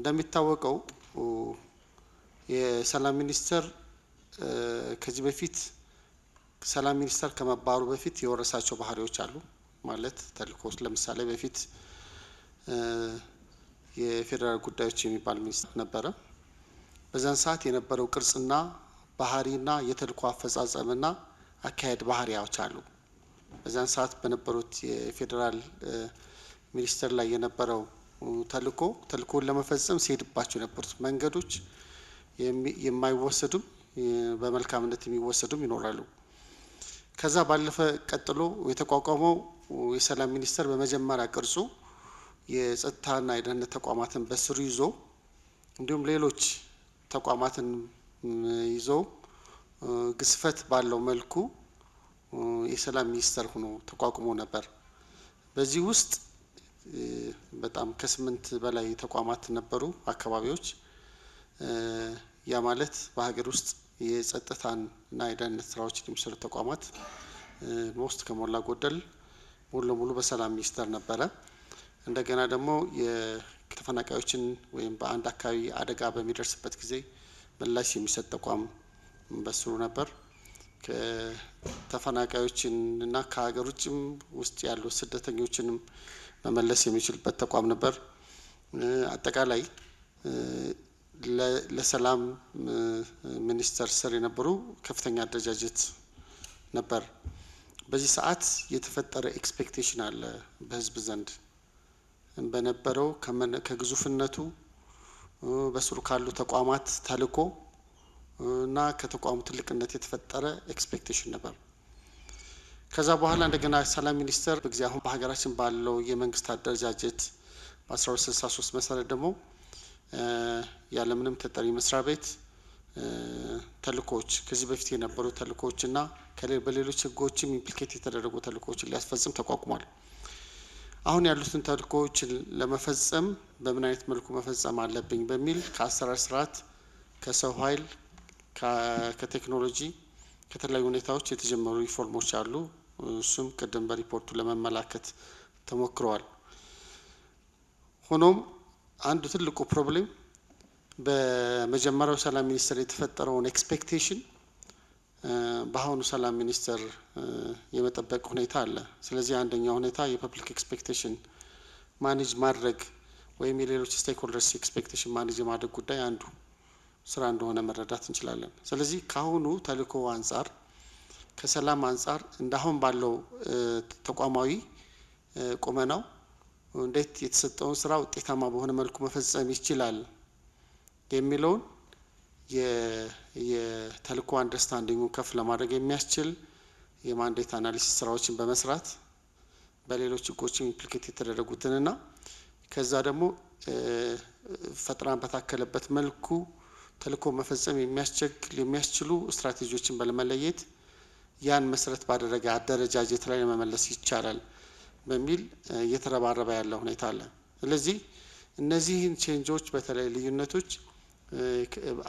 እንደሚታወቀው የሰላም ሚኒስቴር ከዚህ በፊት ሰላም ሚኒስቴር ከመባሩ በፊት የወረሳቸው ባህሪዎች አሉ። ማለት ተልእኮ ለምሳሌ በፊት የፌዴራል ጉዳዮች የሚባል ሚኒስትር ነበረ። በዛን ሰዓት የነበረው ቅርጽና ባህሪና የተልእኮ አፈጻጸምና አካሄድ ባህሪያዎች አሉ። በዛን ሰዓት በነበሩት የፌዴራል ሚኒስቴር ላይ የነበረው ተልኮ ተልኮን ለመፈጸም ሲሄድባቸው የነበሩት መንገዶች የማይወሰዱም በመልካምነት የሚወሰዱም ይኖራሉ። ከዛ ባለፈ ቀጥሎ የተቋቋመው የሰላም ሚኒስቴር በመጀመሪያ ቅርጹ የጸጥታና የደህንነት ተቋማትን በስሩ ይዞ እንዲሁም ሌሎች ተቋማትን ይዞ ግስፈት ባለው መልኩ የሰላም ሚኒስቴር ሆኖ ተቋቁሞ ነበር። በዚህ ውስጥ በጣም ከስምንት በላይ ተቋማት ነበሩ አካባቢዎች። ያ ማለት በሀገር ውስጥ የጸጥታን እና የደህንነት ስራዎች የሚሰሩ ተቋማት ሞስት ከሞላ ጎደል ሙሉ ለሙሉ በሰላም ሚኒስቴር ነበረ። እንደገና ደግሞ የተፈናቃዮችን ወይም በአንድ አካባቢ አደጋ በሚደርስበት ጊዜ ምላሽ የሚሰጥ ተቋም በስሩ ነበር። ከተፈናቃዮችን እና ከሀገር ውጭም ውስጥ ያሉ ስደተኞችንም መመለስ የሚችልበት ተቋም ነበር። አጠቃላይ ለሰላም ሚኒስቴር ስር የነበሩ ከፍተኛ አደረጃጀት ነበር። በዚህ ሰዓት የተፈጠረ ኤክስፔክቴሽን አለ በህዝብ ዘንድ በነበረው ከግዙፍነቱ በስሩ ካሉ ተቋማት ተልዕኮ እና ከተቋሙ ትልቅነት የተፈጠረ ኤክስፔክቴሽን ነበር። ከዛ በኋላ እንደገና ሰላም ሚኒስቴር በጊዜ አሁን በሀገራችን ባለው የመንግስት አደረጃጀት በ1263 መሰረት ደግሞ ያለምንም ተጠሪ መስሪያ ቤት ተልኮዎች ከዚህ በፊት የነበሩ እና በሌሎች ህጎችም ኢምፕሊኬት የተደረጉ ተልእኮዎችን ሊያስፈጽም ተቋቁሟል። አሁን ያሉትን ተልኮዎች ለመፈጸም በምን አይነት መልኩ መፈጸም አለብኝ በሚል ከአሰራር ስርዓት፣ ከሰው ኃይል፣ ከቴክኖሎጂ ከተለያዩ ሁኔታዎች የተጀመሩ ሪፎርሞች አሉ። እሱም ቅድም በሪፖርቱ ለመመላከት ተሞክረዋል። ሆኖም አንዱ ትልቁ ፕሮብሌም በመጀመሪያው ሰላም ሚኒስትር የተፈጠረውን ኤክስፔክቴሽን በአሁኑ ሰላም ሚኒስትር የመጠበቅ ሁኔታ አለ። ስለዚህ አንደኛው ሁኔታ የፐብሊክ ኤክስፔክቴሽን ማኔጅ ማድረግ ወይም የሌሎች ስቴክሆልደርስ ኤክስፔክቴሽን ማኔጅ የማድረግ ጉዳይ አንዱ ስራ እንደሆነ መረዳት እንችላለን። ስለዚህ ከአሁኑ ተልዕኮ አንጻር ከሰላም አንጻር እንዳሁን ባለው ተቋማዊ ቁመናው እንዴት የተሰጠውን ስራ ውጤታማ በሆነ መልኩ መፈጸም ይችላል የሚለውን የተልእኮ አንደርስታንዲንጉን ከፍ ለማድረግ የሚያስችል የማንዴት አናሊሲስ ስራዎችን በመስራት በሌሎች ህጎችም ኢምፕሊኬት የተደረጉትንና ከዛ ደግሞ ፈጥራን በታከለበት መልኩ ተልእኮ መፈጸም የሚያስችሉ ስትራቴጂዎችን በለመለየት ያን መሰረት ባደረገ አደረጃጀት ላይ ለመመለስ ይቻላል በሚል እየተረባረበ ያለ ሁኔታ አለ። ስለዚህ እነዚህን ቼንጆች በተለይ ልዩነቶች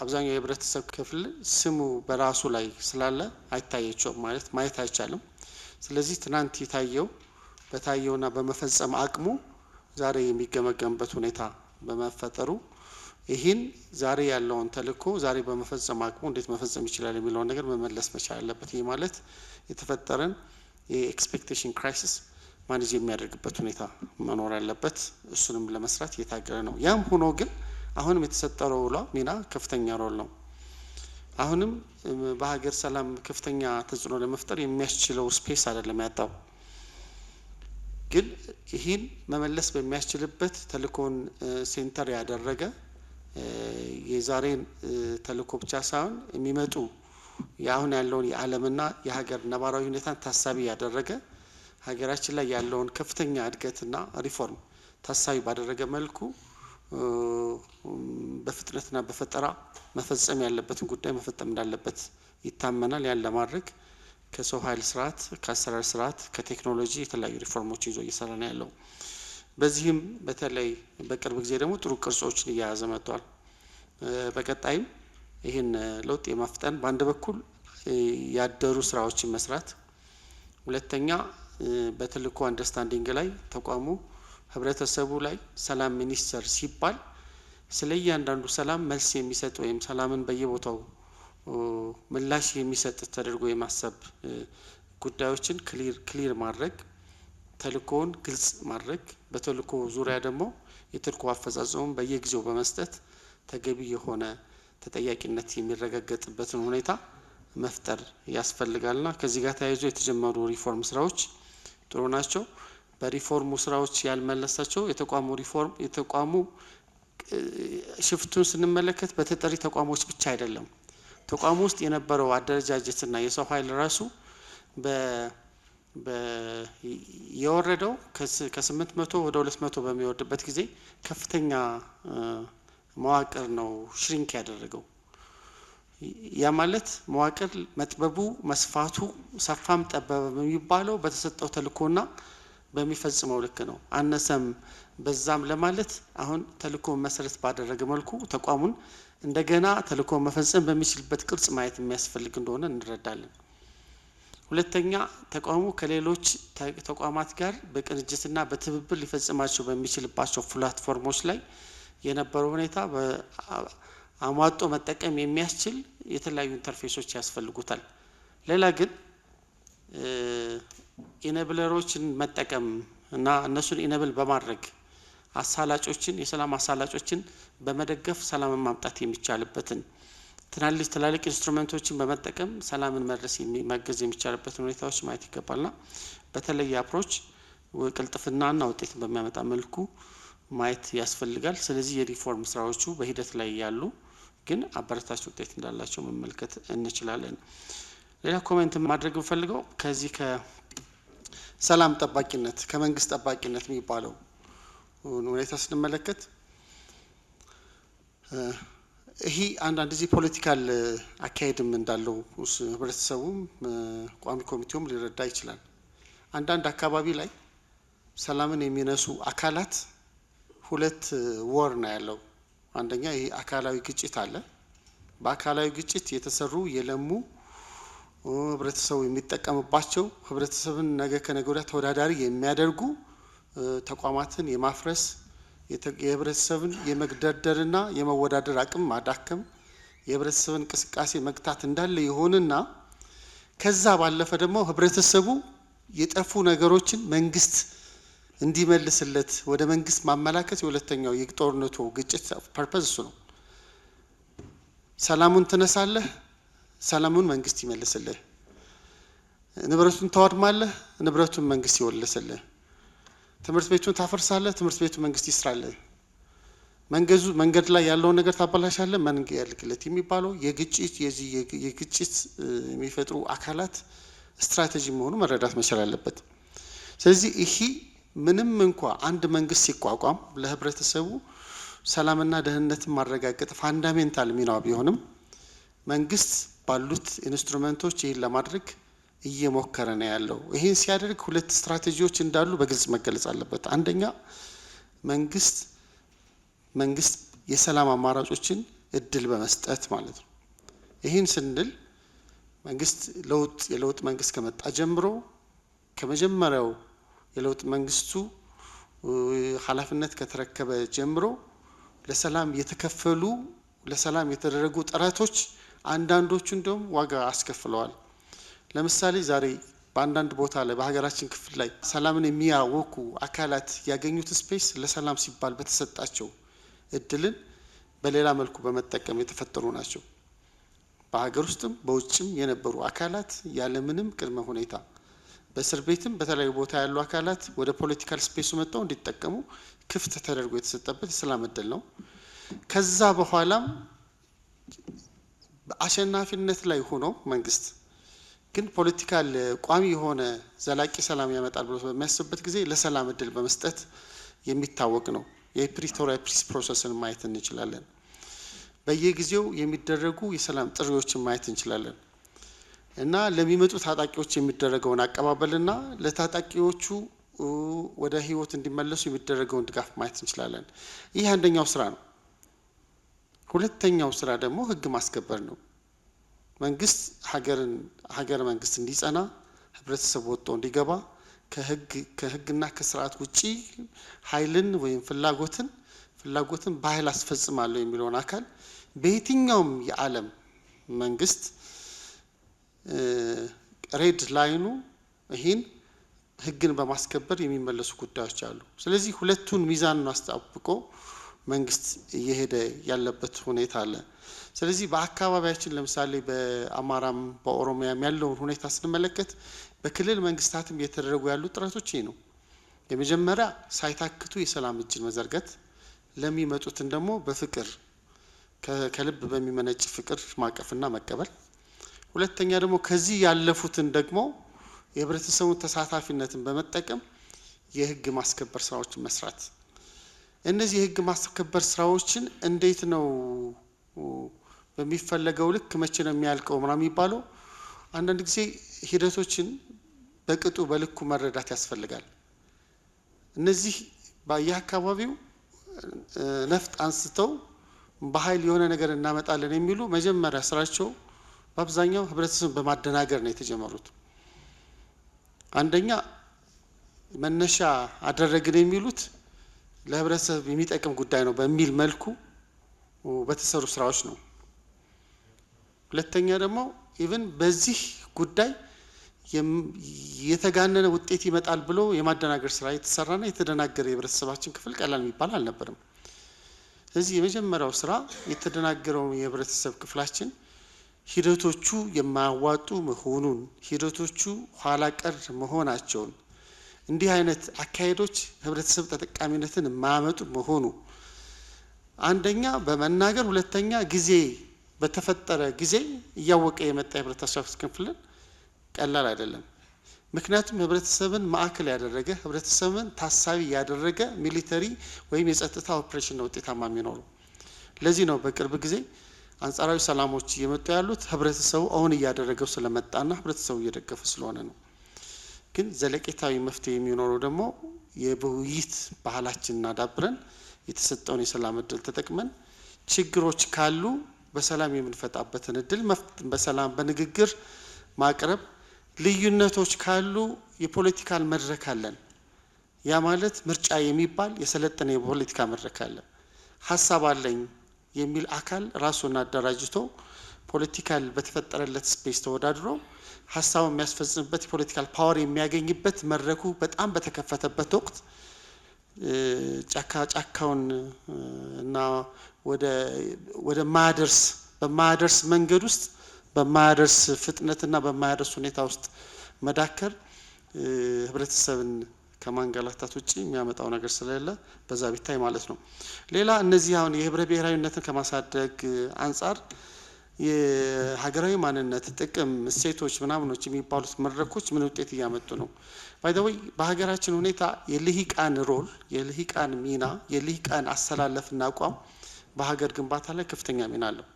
አብዛኛው የህብረተሰብ ክፍል ስሙ በራሱ ላይ ስላለ አይታያቸውም ማለት ማየት አይቻልም። ስለዚህ ትናንት የታየው በታየውና በመፈጸም አቅሙ ዛሬ የሚገመገምበት ሁኔታ በመፈጠሩ ይህን ዛሬ ያለውን ተልእኮ ዛሬ በመፈጸም አቅሙ እንዴት መፈጸም ይችላል የሚለውን ነገር መመለስ መቻል አለበት። ይህ ማለት የተፈጠረን የኤክስፔክቴሽን ክራይሲስ ማኔጅ የሚያደርግበት ሁኔታ መኖር አለበት። እሱንም ለመስራት እየታገለ ነው። ያም ሆኖ ግን አሁንም የተሰጠረው ላ ሚና ከፍተኛ ሮል ነው። አሁንም በሀገር ሰላም ከፍተኛ ተጽዕኖ ለመፍጠር የሚያስችለው ስፔስ አይደለም ያጣው ግን ይህን መመለስ በሚያስችልበት ተልኮን ሴንተር ያደረገ የዛሬን ተልእኮ ብቻ ሳይሆን የሚመጡ የአሁን ያለውን የዓለምና የሀገር ነባራዊ ሁኔታን ታሳቢ ያደረገ ሀገራችን ላይ ያለውን ከፍተኛ እድገትና ሪፎርም ታሳቢ ባደረገ መልኩ በፍጥነትና በፈጠራ መፈጸም ያለበትን ጉዳይ መፈጸም እንዳለበት ይታመናል። ያን ለማድረግ ከሰው ኃይል ስርዓት፣ ከአሰራር ስርዓት፣ ከቴክኖሎጂ የተለያዩ ሪፎርሞች ይዞ እየሰራ ነው ያለው። በዚህም በተለይ በቅርብ ጊዜ ደግሞ ጥሩ ቅርጾችን እያያዘ መጥቷል። በቀጣይም ይህን ለውጥ የማፍጠን በአንድ በኩል ያደሩ ስራዎችን መስራት፣ ሁለተኛ በትልቁ አንደርስታንዲንግ ላይ ተቋሙ ህብረተሰቡ ላይ ሰላም ሚኒስቴር ሲባል ስለ እያንዳንዱ ሰላም መልስ የሚሰጥ ወይም ሰላምን በየቦታው ምላሽ የሚሰጥ ተደርጎ የማሰብ ጉዳዮችን ክሊር ክሊር ማድረግ ተልእኮውን ግልጽ ማድረግ፣ በተልእኮ ዙሪያ ደግሞ የተልእኮ አፈጻጸሙን በየጊዜው በመስጠት ተገቢ የሆነ ተጠያቂነት የሚረጋገጥበትን ሁኔታ መፍጠር ያስፈልጋልና ከዚህ ጋር ተያይዞ የተጀመሩ ሪፎርም ስራዎች ጥሩ ናቸው። በሪፎርሙ ስራዎች ያልመለሳቸው የተቋሙ ሪፎርም የተቋሙ ሽፍቱን ስንመለከት በተጠሪ ተቋሞች ብቻ አይደለም። ተቋሙ ውስጥ የነበረው አደረጃጀትና የሰው ኃይል ራሱ በ የወረደው ከስምንት መቶ ወደ ሁለት መቶ በሚወርድበት ጊዜ ከፍተኛ መዋቅር ነው ሽሪንክ ያደረገው። ያ ማለት መዋቅር መጥበቡ መስፋቱ ሰፋም ጠበበ የሚባለው በተሰጠው ተልእኮና በሚፈጽመው ልክ ነው። አነሰም በዛም ለማለት አሁን ተልእኮ መሰረት ባደረገ መልኩ ተቋሙን እንደገና ተልእኮ መፈጸም በሚችልበት ቅርጽ ማየት የሚያስፈልግ እንደሆነ እንረዳለን። ሁለተኛ ተቋሙ ከሌሎች ተቋማት ጋር በቅንጅትና በትብብር ሊፈጽማቸው በሚችልባቸው ፕላትፎርሞች ላይ የነበረው ሁኔታ አሟጦ መጠቀም የሚያስችል የተለያዩ ኢንተርፌሶች ያስፈልጉታል። ሌላ ግን ኢነብለሮችን መጠቀም እና እነሱን ኢነብል በማድረግ አሳላጮችን የሰላም አሳላጮችን በመደገፍ ሰላምን ማምጣት የሚቻልበትን ትናልሽ ትላልቅ ኢንስትሩመንቶችን በመጠቀም ሰላምን መድረስ ማገዝ የሚቻልበትን ሁኔታዎች ማየት ይገባልና በተለይ አፕሮች ቅልጥፍናና ውጤትን በሚያመጣ መልኩ ማየት ያስፈልጋል። ስለዚህ የሪፎርም ስራዎቹ በሂደት ላይ ያሉ ግን አበረታች ውጤት እንዳላቸው መመልከት እንችላለን። ሌላ ኮሜንት ማድረግ ፈልገው ከዚህ ከሰላም ጠባቂነት ከመንግስት ጠባቂነት የሚባለው ሁኔታ ስንመለከት ይሄ አንዳንድ ጊዜ ፖለቲካል አካሄድም እንዳለው ህብረተሰቡም ቋሚ ኮሚቴውም ሊረዳ ይችላል። አንዳንድ አካባቢ ላይ ሰላምን የሚነሱ አካላት ሁለት ወር ነው ያለው። አንደኛ ይሄ አካላዊ ግጭት አለ። በአካላዊ ግጭት የተሰሩ የለሙ ህብረተሰቡ የሚጠቀምባቸው ህብረተሰብን ነገ ከነገ ወዲያ ተወዳዳሪ የሚያደርጉ ተቋማትን የማፍረስ የህብረተሰብን የመግደርደርና የመወዳደር አቅም ማዳከም፣ የህብረተሰብ እንቅስቃሴ መግታት እንዳለ የሆንና ከዛ ባለፈ ደግሞ ህብረተሰቡ የጠፉ ነገሮችን መንግስት እንዲመልስለት ወደ መንግስት ማመላከት የሁለተኛው የጦርነቱ ግጭት ፐርፐዝ እሱ ነው። ሰላሙን ትነሳለህ፣ ሰላሙን መንግስት ይመልስልህ። ንብረቱን ታወድማለህ፣ ንብረቱን መንግስት ይወልስልህ። ትምህርት ቤቱን ታፈርሳለህ፣ ትምህርት ቤቱ መንግስት ይስራለን፣ መንገዙ መንገድ ላይ ያለውን ነገር ታበላሻለህ፣ መንገድ ያልቅለት የሚባለው የግጭት የዚህ የግጭት የሚፈጥሩ አካላት ስትራቴጂ መሆኑ መረዳት መቻል አለበት። ስለዚህ ይሄ ምንም እንኳ አንድ መንግስት ሲቋቋም ለህብረተሰቡ ሰላምና ደህንነትን ማረጋገጥ ፋንዳሜንታል ሚና ቢሆንም መንግስት ባሉት ኢንስትሩመንቶች ይህን ለማድረግ እየሞከረ ነው ያለው። ይህን ሲያደርግ ሁለት ስትራቴጂዎች እንዳሉ በግልጽ መገለጽ አለበት። አንደኛ መንግስት መንግስት የሰላም አማራጮችን እድል በመስጠት ማለት ነው። ይህን ስንል መንግስት ለውጥ የለውጥ መንግስት ከመጣ ጀምሮ ከመጀመሪያው የለውጥ መንግስቱ ኃላፊነት ከተረከበ ጀምሮ ለሰላም የተከፈሉ ለሰላም የተደረጉ ጥረቶች አንዳንዶቹ እንዲሁም ዋጋ አስከፍለዋል። ለምሳሌ ዛሬ በአንዳንድ ቦታ ላይ በሀገራችን ክፍል ላይ ሰላምን የሚያወኩ አካላት ያገኙት ስፔስ ለሰላም ሲባል በተሰጣቸው እድልን በሌላ መልኩ በመጠቀም የተፈጠሩ ናቸው። በሀገር ውስጥም በውጭም የነበሩ አካላት ያለምንም ቅድመ ሁኔታ በእስር ቤትም በተለያዩ ቦታ ያሉ አካላት ወደ ፖለቲካል ስፔሱ መጥተው እንዲጠቀሙ ክፍት ተደርጎ የተሰጠበት የሰላም እድል ነው። ከዛ በኋላም አሸናፊነት ላይ ሆኖ መንግስት ግን ፖለቲካል ቋሚ የሆነ ዘላቂ ሰላም ያመጣል ብሎ በሚያስብበት ጊዜ ለሰላም እድል በመስጠት የሚታወቅ ነው። የፕሪቶሪያ ፒስ ፕሮሰስን ማየት እንችላለን። በየጊዜው የሚደረጉ የሰላም ጥሪዎችን ማየት እንችላለን እና ለሚመጡ ታጣቂዎች የሚደረገውን አቀባበልና ለታጣቂዎቹ ወደ ህይወት እንዲመለሱ የሚደረገውን ድጋፍ ማየት እንችላለን። ይህ አንደኛው ስራ ነው። ሁለተኛው ስራ ደግሞ ህግ ማስከበር ነው። መንግስት ሀገርን ሀገረ መንግስት እንዲጸና ህብረተሰብ ወጥቶ እንዲገባ ከህግ ከህግና ከስርዓት ውጪ ኃይልን ወይም ፍላጎትን ፍላጎትን በኃይል አስፈጽማለሁ የሚለውን አካል በየትኛውም የዓለም መንግስት ሬድ ላይኑ ይህን ህግን በማስከበር የሚመለሱ ጉዳዮች አሉ። ስለዚህ ሁለቱን ሚዛኑን አስጣብቆ መንግስት እየሄደ ያለበት ሁኔታ አለ። ስለዚህ በአካባቢያችን ለምሳሌ በአማራም በኦሮሚያም ያለውን ሁኔታ ስንመለከት በክልል መንግስታትም እየተደረጉ ያሉ ጥረቶች ይህ ነው። የመጀመሪያ ሳይታክቱ የሰላም እጅን መዘርገት፣ ለሚመጡትን ደግሞ በፍቅር ከልብ በሚመነጭ ፍቅር ማቀፍና መቀበል። ሁለተኛ ደግሞ ከዚህ ያለፉትን ደግሞ የህብረተሰቡን ተሳታፊነትን በመጠቀም የህግ ማስከበር ስራዎችን መስራት። እነዚህ የህግ ማስከበር ስራዎችን እንዴት ነው በሚፈለገው ልክ መቼ ነው የሚያልቀው ምናምን የሚባለው አንዳንድ ጊዜ ሂደቶችን በቅጡ በልኩ መረዳት ያስፈልጋል። እነዚህ በየአካባቢው ነፍጥ አንስተው በኃይል የሆነ ነገር እናመጣለን የሚሉ መጀመሪያ ስራቸው በአብዛኛው ህብረተሰብን በማደናገር ነው የተጀመሩት። አንደኛ መነሻ አደረግን የሚሉት ለህብረተሰብ የሚጠቅም ጉዳይ ነው በሚል መልኩ በተሰሩ ስራዎች ነው። ሁለተኛ ደግሞ ኢቭን በዚህ ጉዳይ የተጋነነ ውጤት ይመጣል ብሎ የማደናገር ስራ የተሰራና የተደናገረ የህብረተሰባችን ክፍል ቀላል የሚባል አልነበርም። ስለዚህ የመጀመሪያው ስራ የተደናገረውን የህብረተሰብ ክፍላችን ሂደቶቹ የማያዋጡ መሆኑን፣ ሂደቶቹ ኋላ ቀር መሆናቸውን፣ እንዲህ አይነት አካሄዶች ህብረተሰብ ተጠቃሚነትን የማያመጡ መሆኑ አንደኛ በመናገር ሁለተኛ ጊዜ በተፈጠረ ጊዜ እያወቀ የመጣ የህብረተሰብ ክፍልን ቀላል አይደለም። ምክንያቱም ህብረተሰብን ማዕከል ያደረገ ህብረተሰብን ታሳቢ ያደረገ ሚሊተሪ ወይም የጸጥታ ኦፕሬሽን ነው ውጤታማ የሚኖረው። ለዚህ ነው በቅርብ ጊዜ አንጻራዊ ሰላሞች እየመጡ ያሉት ህብረተሰቡ እውን እያደረገው ስለመጣና ህብረተሰቡ እየደገፈ ስለሆነ ነው። ግን ዘለቄታዊ መፍትሄ የሚኖረው ደግሞ የውይይት ባህላችን እናዳብረን የተሰጠውን የሰላም እድል ተጠቅመን ችግሮች ካሉ በሰላም የምንፈጣበትን እድል በሰላም በንግግር ማቅረብ፣ ልዩነቶች ካሉ የፖለቲካል መድረክ አለን። ያ ማለት ምርጫ የሚባል የሰለጠነ የፖለቲካ መድረክ አለን። ሀሳብ አለኝ የሚል አካል ራሱን አደራጅቶ ፖለቲካል በተፈጠረለት ስፔስ ተወዳድሮ ሀሳቡ የሚያስፈጽምበት የፖለቲካል ፓወር የሚያገኝበት መድረኩ በጣም በተከፈተበት ወቅት ጫካ ጫካውን እና ወደ ማያደርስ በማያደርስ መንገድ ውስጥ በማያደርስ ፍጥነትና በማያደርስ ሁኔታ ውስጥ መዳከር ህብረተሰብን ከማንገላታት ውጭ የሚያመጣው ነገር ስለሌለ በዛ ቢታይ ማለት ነው። ሌላ እነዚህ አሁን የህብረ ብሔራዊነትን ከማሳደግ አንጻር የሀገራዊ ማንነት ጥቅም፣ እሴቶች፣ ምናምኖች የሚባሉት መድረኮች ምን ውጤት እያመጡ ነው? ባይደወይ በሀገራችን ሁኔታ የልሂቃን ሮል፣ የልሂቃን ሚና፣ የልሂቃን አሰላለፍና አቋም በሀገር ግንባታ ላይ ከፍተኛ ሚና አለው።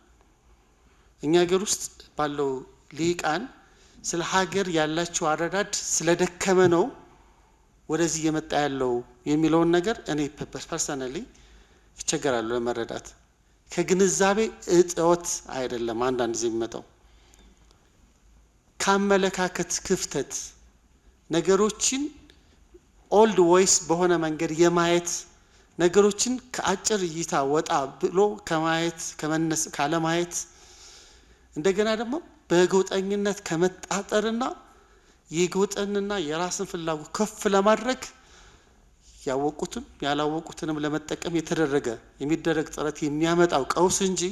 እኛ ሀገር ውስጥ ባለው ልሂቃን ስለ ሀገር ያላቸው አረዳድ ስለደከመ ነው ወደዚህ እየመጣ ያለው የሚለውን ነገር እኔ ፐርሰናሊ ይቸገራሉ ለመረዳት። ከግንዛቤ እጦት አይደለም አንዳንድ ጊዜ የሚመጣው ከአመለካከት ክፍተት ነገሮችን ኦልድ ወይስ በሆነ መንገድ የማየት ነገሮችን ከአጭር እይታ ወጣ ብሎ ከማየት ከመነስ ካለማየት እንደገና ደግሞ በጎጠኝነት ከመጣጠርና የጎጠንና የራስን ፍላጎት ከፍ ለማድረግ ያወቁትም ያላወቁትንም ለመጠቀም የተደረገ የሚደረግ ጥረት የሚያመጣው ቀውስ እንጂ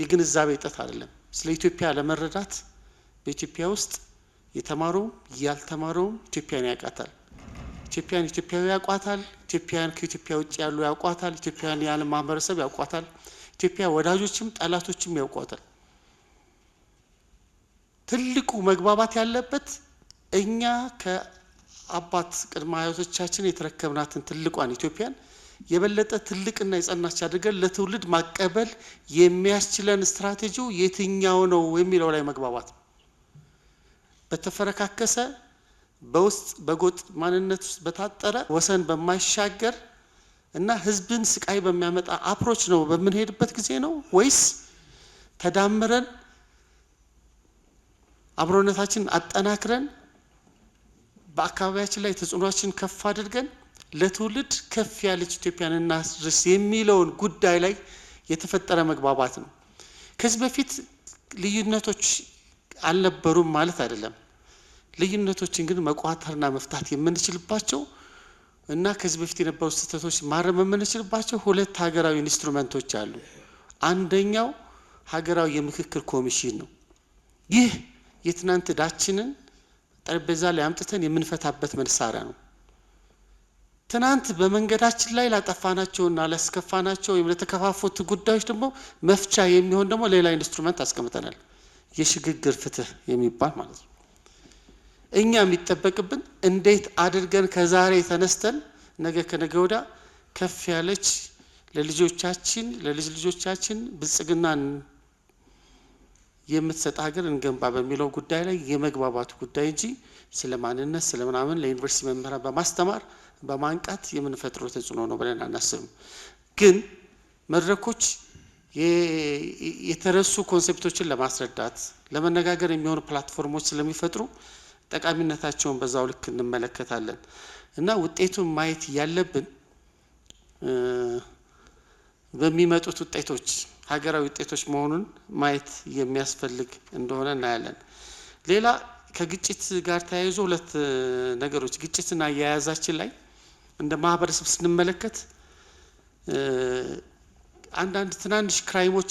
የግንዛቤ እጠት አይደለም። ስለ ኢትዮጵያ ለመረዳት በኢትዮጵያ ውስጥ የተማረውም ያልተማረውም ኢትዮጵያን ያውቃታል። ኢትዮጵያን ኢትዮጵያዊ ያውቋታል። ኢትዮጵያን ከኢትዮጵያ ውጭ ያሉ ያውቋታል። ኢትዮጵያን ያለ ማህበረሰብ ያውቋታል። ኢትዮጵያ ወዳጆችም ጠላቶችም ያውቋታል። ትልቁ መግባባት ያለበት እኛ አባት ቅድመ አያቶቻችን የተረከብናትን ትልቋን ኢትዮጵያን የበለጠ ትልቅና የጸናች አድርገን ለትውልድ ማቀበል የሚያስችለን ስትራቴጂው የትኛው ነው የሚለው ላይ መግባባት ነው። በተፈረካከሰ በውስጥ በጎጥ ማንነት ውስጥ በታጠረ ወሰን በማይሻገር እና ህዝብን ስቃይ በሚያመጣ አፕሮች ነው በምንሄድበት ጊዜ ነው ወይስ ተዳምረን አብሮነታችንን አጠናክረን በአካባቢያችን ላይ ተጽዕኖችን ከፍ አድርገን ለትውልድ ከፍ ያለች ኢትዮጵያን እናስርስ የሚለውን ጉዳይ ላይ የተፈጠረ መግባባት ነው። ከዚህ በፊት ልዩነቶች አልነበሩም ማለት አይደለም። ልዩነቶችን ግን መቋተርና መፍታት የምንችልባቸው እና ከዚህ በፊት የነበሩ ስህተቶች ማረም የምንችልባቸው ሁለት ሀገራዊ ኢንስትሩመንቶች አሉ። አንደኛው ሀገራዊ የምክክር ኮሚሽን ነው። ይህ የትናንት ዕዳችንን ጠረጴዛ ላይ አምጥተን የምንፈታበት መሳሪያ ነው። ትናንት በመንገዳችን ላይ ላጠፋናቸውና ላስከፋናቸው ወይም ለተከፋፉት ጉዳዮች ደግሞ መፍቻ የሚሆን ደግሞ ሌላ ኢንስትሩመንት አስቀምጠናል። የሽግግር ፍትህ የሚባል ማለት ነው። እኛ የሚጠበቅብን እንዴት አድርገን ከዛሬ ተነስተን ነገ ከነገ ወዲያ ከፍ ያለች ለልጆቻችን ለልጅ ልጆቻችን ብልጽግናን የምትሰጥ ሀገር እንገንባ በሚለው ጉዳይ ላይ የመግባባቱ ጉዳይ እንጂ ስለ ማንነት ስለ ምናምን ለዩኒቨርሲቲ መምህራን በማስተማር በማንቃት የምንፈጥረው ተጽዕኖ ነው ብለን አናስብም። ግን መድረኮች የተረሱ ኮንሴፕቶችን ለማስረዳት ለመነጋገር የሚሆኑ ፕላትፎርሞች ስለሚፈጥሩ ጠቃሚነታቸውን በዛው ልክ እንመለከታለን እና ውጤቱን ማየት ያለብን በሚመጡት ውጤቶች ሀገራዊ ውጤቶች መሆኑን ማየት የሚያስፈልግ እንደሆነ እናያለን። ሌላ ከግጭት ጋር ተያይዞ ሁለት ነገሮች ግጭትና አያያዛችን ላይ እንደ ማህበረሰብ ስንመለከት አንዳንድ ትናንሽ ክራይሞች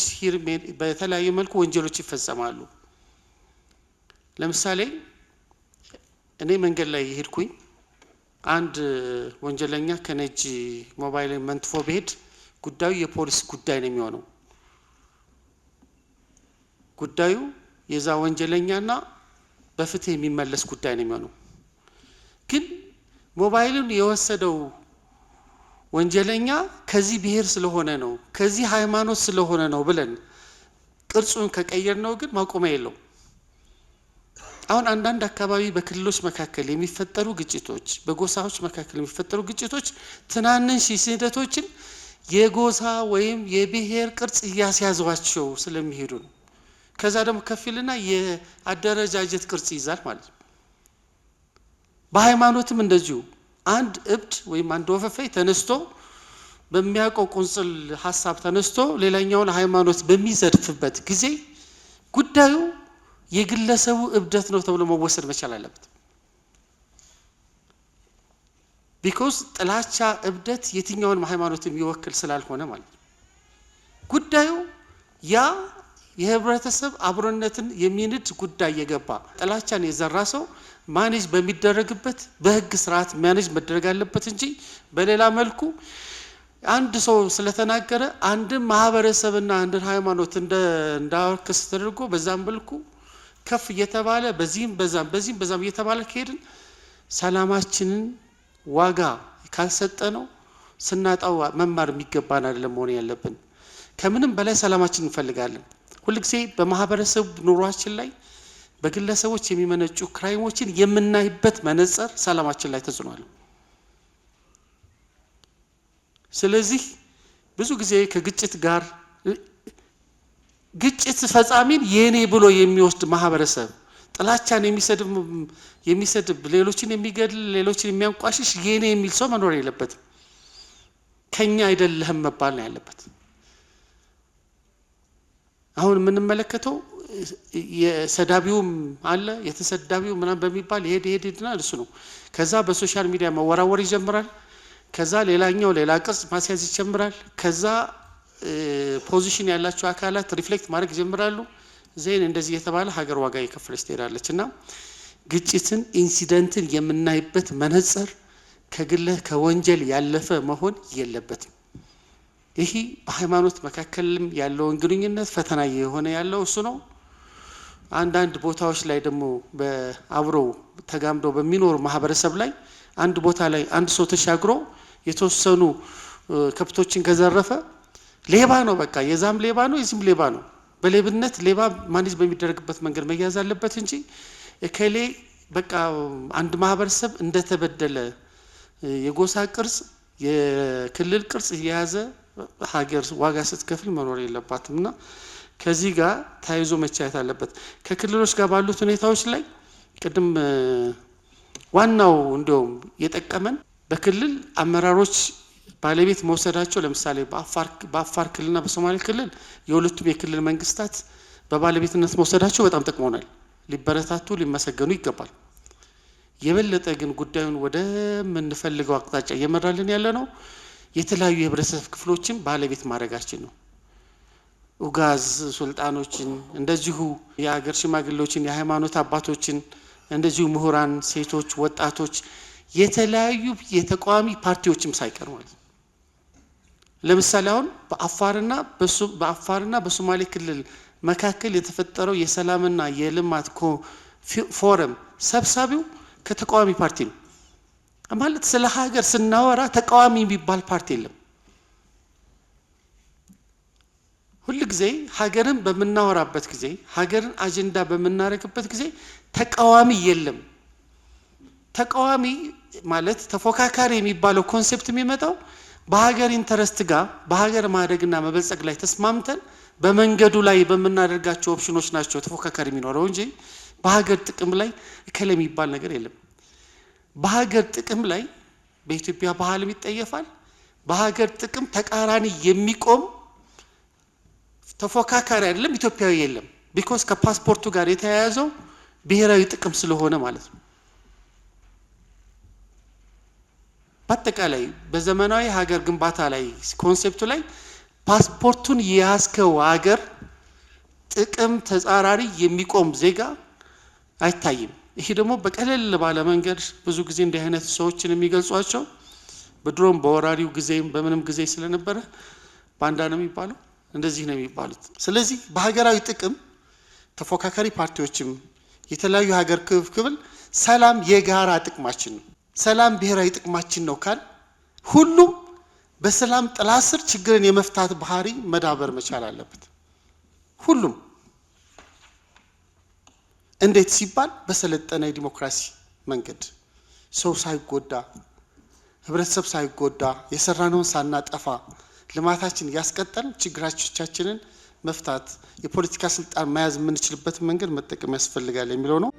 በተለያዩ መልኩ ወንጀሎች ይፈጸማሉ። ለምሳሌ እኔ መንገድ ላይ የሄድኩኝ አንድ ወንጀለኛ ከነጅ ሞባይል መንትፎ ብሄድ ጉዳዩ የፖሊስ ጉዳይ ነው የሚሆነው። ጉዳዩ የዛ ወንጀለኛና በፍትህ የሚመለስ ጉዳይ ነው የሚሆነው። ግን ሞባይሉን የወሰደው ወንጀለኛ ከዚህ ብሔር ስለሆነ ነው ከዚህ ሃይማኖት ስለሆነ ነው ብለን ቅርጹን ከቀየር ነው ግን ማቆሚያ የለው። አሁን አንዳንድ አካባቢ በክልሎች መካከል የሚፈጠሩ ግጭቶች፣ በጎሳዎች መካከል የሚፈጠሩ ግጭቶች ትናንሽ ስህተቶችን የጎሳ ወይም የብሔር ቅርጽ እያስያዟቸው ስለሚሄዱ ነው። ከዛ ደግሞ ከፊልና የአደረጃጀት ቅርጽ ይዛል ማለት ነው። በሃይማኖትም እንደዚሁ አንድ እብድ ወይም አንድ ወፈፌ ተነስቶ በሚያውቀው ቁንጽል ሀሳብ ተነስቶ ሌላኛውን ሃይማኖት በሚዘድፍበት ጊዜ ጉዳዩ የግለሰቡ እብደት ነው ተብሎ መወሰድ መቻል አለበት። ቢኮዝ ጥላቻ እብደት የትኛውንም ሃይማኖት የሚወክል ስላልሆነ ማለት ነው ጉዳዩ ያ የህብረተሰብ አብሮነትን የሚንድ ጉዳይ የገባ ጥላቻን የዘራ ሰው ማኔጅ በሚደረግበት በህግ ስርዓት ማኔጅ መደረግ አለበት እንጂ በሌላ መልኩ አንድ ሰው ስለተናገረ አንድን ማህበረሰብና አንድን ሃይማኖት እንዳወክስ ተደርጎ በዛም መልኩ ከፍ እየተባለ በዚህም በዛም በዚህም በዛም እየተባለ ከሄድን ሰላማችንን ዋጋ ካልሰጠ ነው ስናጣው መማር የሚገባን አይደለም መሆን ያለብን። ከምንም በላይ ሰላማችን እንፈልጋለን። ሁልጊዜ በማህበረሰቡ ኑሯችን ላይ በግለሰቦች የሚመነጩ ክራይሞችን የምናይበት መነጽር ሰላማችን ላይ ተጽኗል። ስለዚህ ብዙ ጊዜ ከግጭት ጋር ግጭት ፈጻሚን የኔ ብሎ የሚወስድ ማህበረሰብ፣ ጥላቻን የሚሰድብ ሌሎችን የሚገድል ሌሎችን የሚያንቋሽሽ የኔ የሚል ሰው መኖር የለበትም። ከኛ አይደለህም መባል ነው ያለበት። አሁን የምንመለከተው የሰዳቢውም አለ የተሰዳቢው ምናምን በሚባል ይሄድ ይሄድ ይሄድና እሱ ነው። ከዛ በሶሻል ሚዲያ መወራወር ይጀምራል። ከዛ ሌላኛው ሌላ ቅርጽ ማስያዝ ይጀምራል። ከዛ ፖዚሽን ያላቸው አካላት ሪፍሌክት ማድረግ ይጀምራሉ። ዜን እንደዚህ የተባለ ሀገር ዋጋ የከፈለች ትሄዳለች። እና ግጭትን ኢንሲደንትን የምናይበት መነጽር ከግለ ከወንጀል ያለፈ መሆን የለበትም። ይሄ በሃይማኖት መካከልም ያለውን ግንኙነት ፈተና የሆነ ያለው እሱ ነው። አንዳንድ ቦታዎች ላይ ደግሞ በአብሮ ተጋምዶ በሚኖር ማህበረሰብ ላይ አንድ ቦታ ላይ አንድ ሰው ተሻግሮ የተወሰኑ ከብቶችን ከዘረፈ ሌባ ነው፣ በቃ የዛም ሌባ ነው፣ የዚህም ሌባ ነው። በሌብነት ሌባ ማኔጅ በሚደረግበት መንገድ መያዝ አለበት እንጂ እከሌ በቃ አንድ ማህበረሰብ እንደተበደለ የጎሳ ቅርጽ፣ የክልል ቅርጽ እየያዘ ሀገር ዋጋ ስትከፍል መኖር የለባትም እና ከዚህ ጋር ተያይዞ መቻየት አለበት። ከክልሎች ጋር ባሉት ሁኔታዎች ላይ ቅድም ዋናው እንዲሁም የጠቀመን በክልል አመራሮች ባለቤት መውሰዳቸው ለምሳሌ በአፋር ክልልና በሶማሌ ክልል የሁለቱም የክልል መንግስታት በባለቤትነት መውሰዳቸው በጣም ጠቅሞናል። ሊበረታቱ ሊመሰገኑ ይገባል። የበለጠ ግን ጉዳዩን ወደምንፈልገው አቅጣጫ እየመራልን ያለ ነው የተለያዩ የህብረተሰብ ክፍሎችን ባለቤት ማድረጋችን ነው። ኡጋዝ ሱልጣኖችን፣ እንደዚሁ የአገር ሽማግሌዎችን፣ የሃይማኖት አባቶችን፣ እንደዚሁ ምሁራን፣ ሴቶች፣ ወጣቶች፣ የተለያዩ የተቃዋሚ ፓርቲዎችም ሳይቀር ማለት ነው። ለምሳሌ አሁን በአፋርና በአፋርና በሶማሌ ክልል መካከል የተፈጠረው የሰላምና የልማት ፎረም ሰብሳቢው ከተቃዋሚ ፓርቲ ነው። ማለት ስለ ሀገር ስናወራ ተቃዋሚ የሚባል ፓርቲ የለም። ሁል ጊዜ ሀገርን በምናወራበት ጊዜ ሀገርን አጀንዳ በምናደርግበት ጊዜ ተቃዋሚ የለም። ተቃዋሚ ማለት ተፎካካሪ የሚባለው ኮንሴፕት የሚመጣው በሀገር ኢንተረስት ጋር በሀገር ማደግና መበልጸግ ላይ ተስማምተን በመንገዱ ላይ በምናደርጋቸው ኦፕሽኖች ናቸው ተፎካካሪ የሚኖረው እንጂ በሀገር ጥቅም ላይ እከል የሚባል ነገር የለም። በሀገር ጥቅም ላይ በኢትዮጵያ ባህልም ይጠየፋል። በሀገር ጥቅም ተቃራኒ የሚቆም ተፎካካሪ አይደለም፣ ኢትዮጵያዊ የለም። ቢኮዝ ከፓስፖርቱ ጋር የተያያዘው ብሔራዊ ጥቅም ስለሆነ ማለት ነው። በአጠቃላይ በዘመናዊ ሀገር ግንባታ ላይ ኮንሴፕቱ ላይ ፓስፖርቱን የያዝከው ሀገር ጥቅም ተጻራሪ የሚቆም ዜጋ አይታይም። ይሄ ደግሞ በቀለል ባለ መንገድ ብዙ ጊዜ እንዲህ አይነት ሰዎችን የሚገልጿቸው በድሮም በወራሪው ጊዜም በምንም ጊዜ ስለነበረ ባንዳ ነው የሚባለው፣ እንደዚህ ነው የሚባሉት። ስለዚህ በሀገራዊ ጥቅም ተፎካካሪ ፓርቲዎችም የተለያዩ ሀገር ክፍል ሰላም የጋራ ጥቅማችን ነው፣ ሰላም ብሔራዊ ጥቅማችን ነው ካል ሁሉም በሰላም ጥላ ስር ችግርን የመፍታት ባህሪ መዳበር መቻል አለበት ሁሉም እንዴት ሲባል በሰለጠነ የዲሞክራሲ መንገድ ሰው ሳይጎዳ ህብረተሰብ ሳይጎዳ የሰራነውን ሳናጠፋ ልማታችን ያስቀጠል ችግራቻችንን መፍታት የፖለቲካ ስልጣን መያዝ የምንችልበት መንገድ መጠቀም ያስፈልጋል የሚለው ነው።